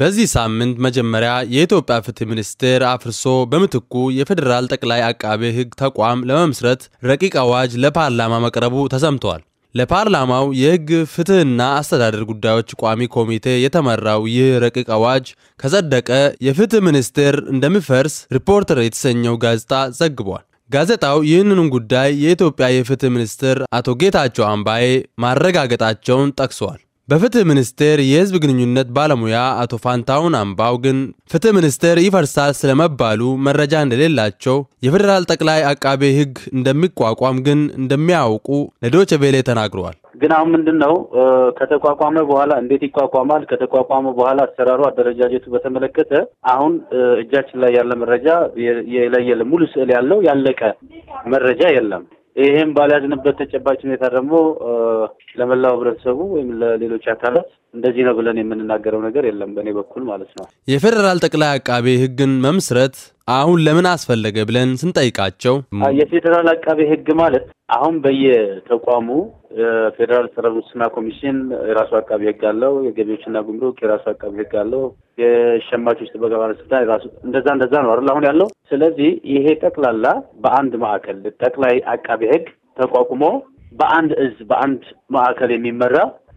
በዚህ ሳምንት መጀመሪያ የኢትዮጵያ ፍትህ ሚኒስቴር አፍርሶ በምትኩ የፌዴራል ጠቅላይ አቃቤ ሕግ ተቋም ለመመስረት ረቂቅ አዋጅ ለፓርላማ መቅረቡ ተሰምተዋል። ለፓርላማው የሕግ ፍትህና አስተዳደር ጉዳዮች ቋሚ ኮሚቴ የተመራው ይህ ረቂቅ አዋጅ ከጸደቀ የፍትህ ሚኒስቴር እንደሚፈርስ ሪፖርተር የተሰኘው ጋዜጣ ዘግቧል። ጋዜጣው ይህንኑን ጉዳይ የኢትዮጵያ የፍትህ ሚኒስትር አቶ ጌታቸው አምባዬ ማረጋገጣቸውን ጠቅሷል። በፍትህ ሚኒስቴር የህዝብ ግንኙነት ባለሙያ አቶ ፋንታውን አምባው ግን ፍትህ ሚኒስቴር ይፈርሳል ስለመባሉ መረጃ እንደሌላቸው፣ የፌዴራል ጠቅላይ አቃቤ ህግ እንደሚቋቋም ግን እንደሚያውቁ ለዶቼ ተናግረዋል። ግን አሁን ምንድን ነው ከተቋቋመ በኋላ እንዴት ይቋቋማል? ከተቋቋመ በኋላ አሰራሩ፣ አደረጃጀቱ በተመለከተ አሁን እጃችን ላይ ያለ መረጃ የለየለ ሙሉ ስዕል ያለው ያለቀ መረጃ የለም። ይህም ባልያዝንበት ተጨባጭ ሁኔታ ደግሞ ለመላው ህብረተሰቡ ወይም ለሌሎች አካላት እንደዚህ ነው ብለን የምንናገረው ነገር የለም፣ በእኔ በኩል ማለት ነው። የፌዴራል ጠቅላይ አቃቤ ህግን መምስረት አሁን ለምን አስፈለገ ብለን ስንጠይቃቸው የፌዴራል አቃቤ ሕግ ማለት አሁን በየተቋሙ የፌዴራል ጸረ ሙስና ኮሚሽን የራሱ አቃቢ ህግ አለው። የገቢዎችና ጉምሩክ የራሱ አቃቢ ህግ አለው። የሸማቾች ጥበቃ ባለስልጣን የራሱ እንደዛ እንደዛ ነው አይደል አሁን ያለው። ስለዚህ ይሄ ጠቅላላ በአንድ ማዕከል ጠቅላይ አቃቢ ህግ ተቋቁሞ በአንድ እዝ በአንድ ማዕከል የሚመራ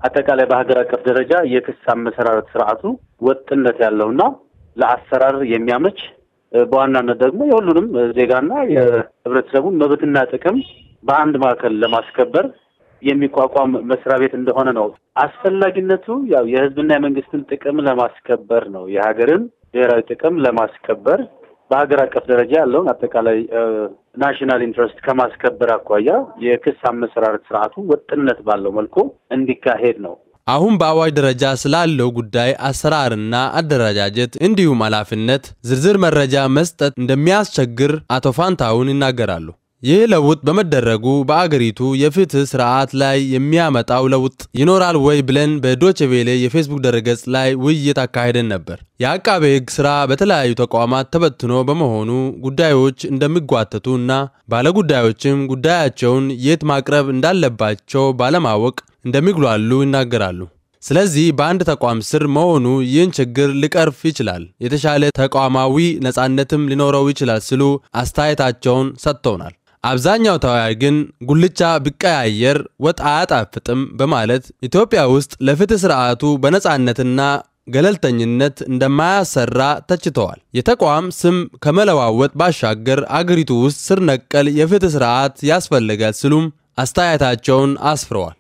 አጠቃላይ በሀገር አቀፍ ደረጃ የክስ አመሰራረት ስርዓቱ ወጥነት ያለውና ለአሰራር የሚያመች በዋናነት ደግሞ የሁሉንም ዜጋና የህብረተሰቡን መብትና ጥቅም በአንድ ማዕከል ለማስከበር የሚቋቋም መስሪያ ቤት እንደሆነ ነው። አስፈላጊነቱ ያው የህዝብና የመንግስትን ጥቅም ለማስከበር ነው። የሀገርን ብሔራዊ ጥቅም ለማስከበር በሀገር አቀፍ ደረጃ ያለውን አጠቃላይ ናሽናል ኢንትረስት ከማስከበር አኳያ የክስ አመሰራረት ስርዓቱ ወጥነት ባለው መልኩ እንዲካሄድ ነው አሁን በአዋጅ ደረጃ ስላለው ጉዳይ አሰራርና አደረጃጀት እንዲሁም ኃላፊነት ዝርዝር መረጃ መስጠት እንደሚያስቸግር አቶ ፋንታውን ይናገራሉ። ይህ ለውጥ በመደረጉ በአገሪቱ የፍትህ ስርዓት ላይ የሚያመጣው ለውጥ ይኖራል ወይ ብለን በዶችቬሌ የፌስቡክ ድረገጽ ላይ ውይይት አካሄደን ነበር። የአቃቤ ሕግ ስራ በተለያዩ ተቋማት ተበትኖ በመሆኑ ጉዳዮች እንደሚጓተቱ እና ባለጉዳዮችም ጉዳያቸውን የት ማቅረብ እንዳለባቸው ባለማወቅ እንደሚጉላሉ ይናገራሉ። ስለዚህ በአንድ ተቋም ስር መሆኑ ይህን ችግር ሊቀርፍ ይችላል፣ የተሻለ ተቋማዊ ነፃነትም ሊኖረው ይችላል ሲሉ አስተያየታቸውን ሰጥተውናል። አብዛኛው ተወያይ ግን ጉልቻ ቢቀያየር ወጥ አያጣፍጥም በማለት ኢትዮጵያ ውስጥ ለፍትህ ስርዓቱ በነፃነትና ገለልተኝነት እንደማያሰራ ተችተዋል። የተቋም ስም ከመለዋወጥ ባሻገር አገሪቱ ውስጥ ስር ነቀል የፍትህ ስርዓት ያስፈልጋል ሲሉም አስተያየታቸውን አስፍረዋል።